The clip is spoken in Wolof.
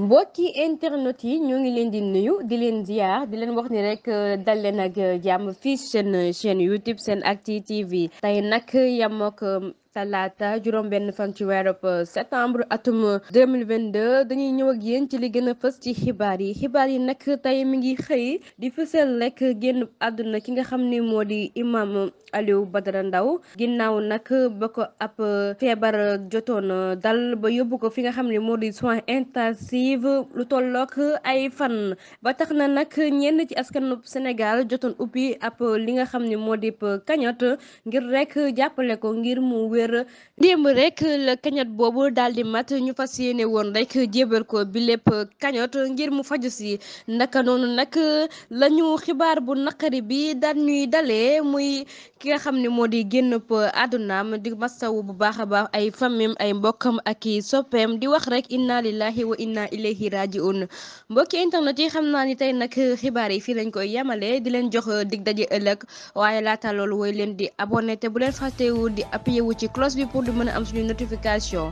mbokki internet yi ñoo ngi leen di nuyu di leen ziar di leen wax ni rek euh, dal leen ak euh, jàmm fii seen chaîne YouTube SENactu TV tey nag yam ak euh, talaata juróom benn fan ci weerub uh, septembre atum 2022 dañuy ñëw ak yéen ci li gën a fës ci xibaar yi xibaar yi nag tey mi ngi xëy di fësal rek génn àdduna ki nga xam ni moo di imam Aliou Badara ndaw ginnaaw nag ba ko ab uh, feebar jotoon uh, dal ba yóbbu ko fi nga xam ne moo di soins intensifs lu tollook ay fan ba tax na nag ñenn ci askanu Sénégal jotoon ubbi ab li nga xam ni moo di cagnotte ngir rek jàppale ko ngir mu wér démb rek la boobu daal di mat ñu fas yéene woon rek jébal ko bi lépp cagnotte ngir mu faju si naka noonu nag la ñu xibaar bu naqari bi daan ñuy dalee muy ki nga xam ne moo di génn àddunaam di masawu bu baax a baax ay famim ay mbokkam ak i soppeem di wax rek inna lillahi wa inna ilayhi rajiun mbokki internet yi xam naa ni tey nag xibaar yi fii lañ koy yemale di leen jox dig daje ëllëg waaye laata loolu woy leen di abonné te bu leen fàttewu di appuyé ci cloche bi pour di mën a am suñu notification